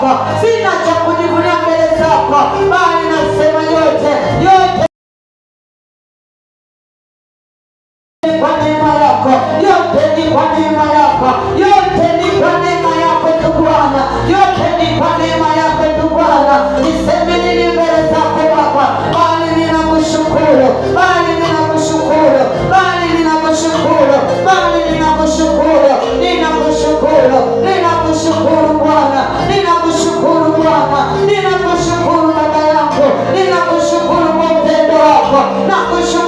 zako, sina cha kujivunia mbele zako, bali nasema yote yote kwa neema yako, yote ni kwa neema yako, yote ni kwa neema yako, ndugu Bwana, yote ni kwa neema yako, ndugu Bwana. not what you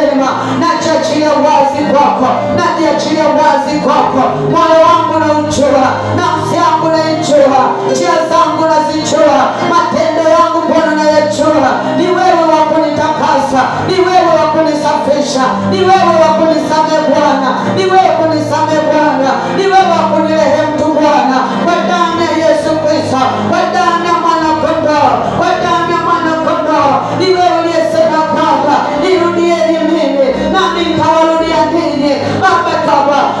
wema, najiachilia wazi kwako, najiachilia wazi kwako. Moyo wangu na naujua, nafsi yangu naijua, njia zangu nazijua, matendo yangu Bwana nayajua. Ni wewe wa kunitakasa, ni wewe wa kunisafisha, ni wewe wa kunisame Bwana, ni wewe kunisame Bwana, ni wewe wa kunirehemu tu Bwana, kwa damu ya Yesu Kristo, kwa damu ya mwana kondoo, kwa damu ya mwana kondoo, ni wewe Baba,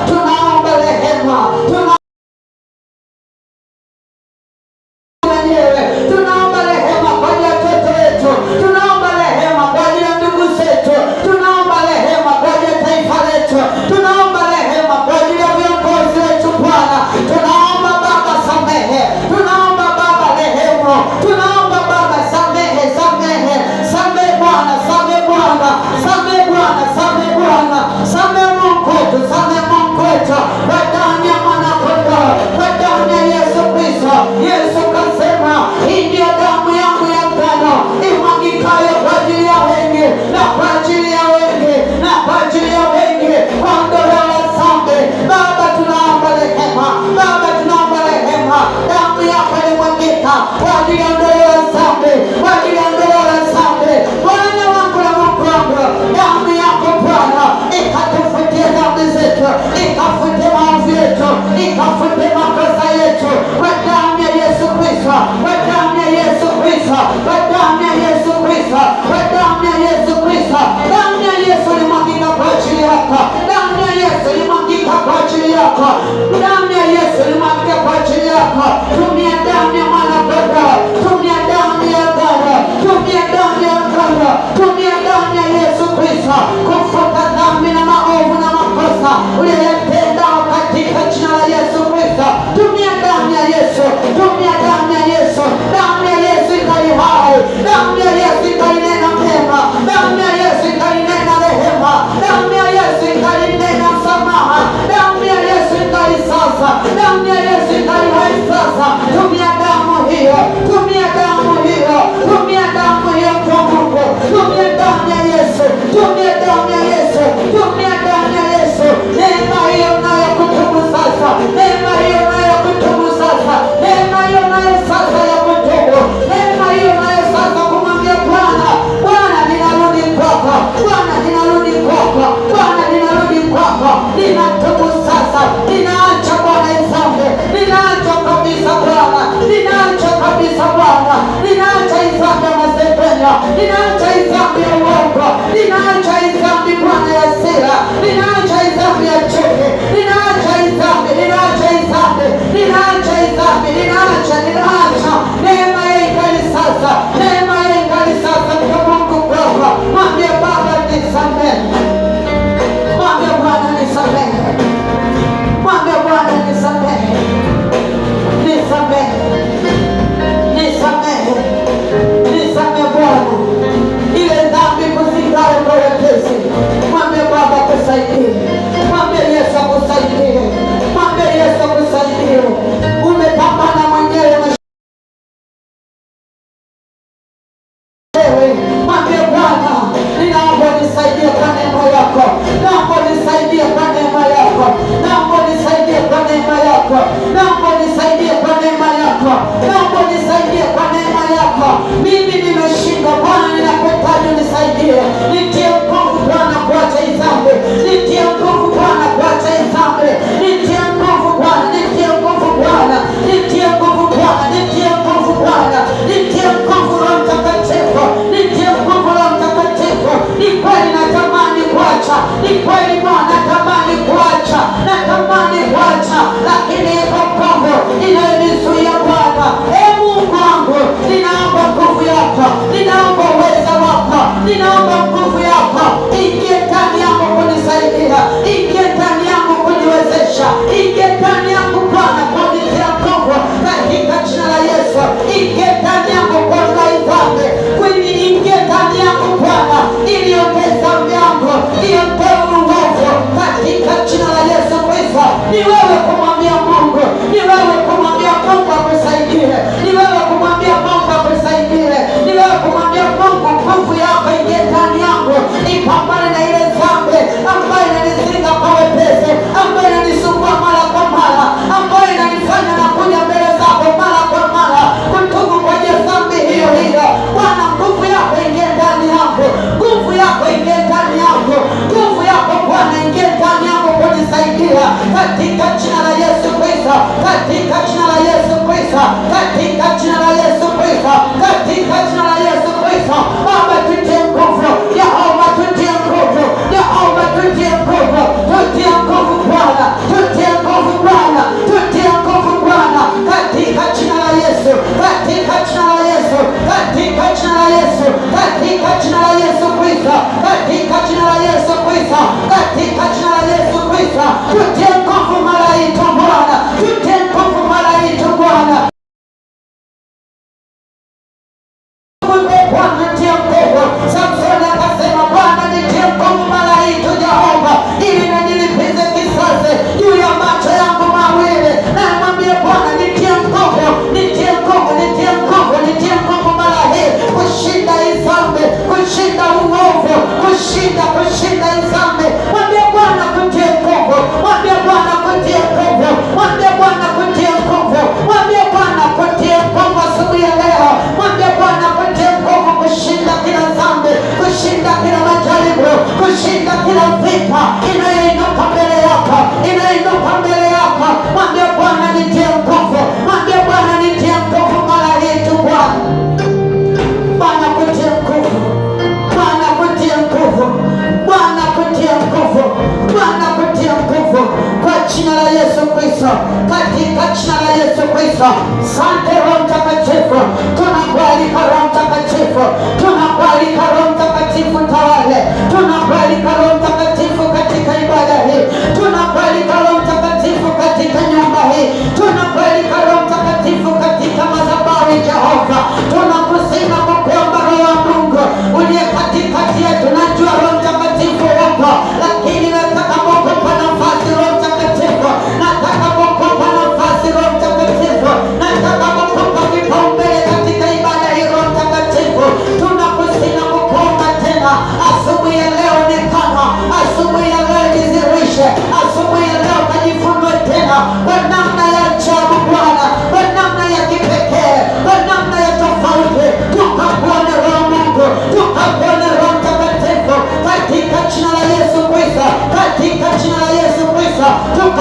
Oh, 자, 아,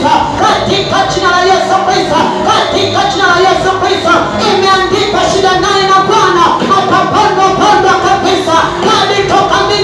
Kristo, katika jina la Yesu Kristo, katika jina la Yesu Kristo. Imeandikwa shida naye na Bwana atapandwa pandwa kabisa hadi toka mbinguni.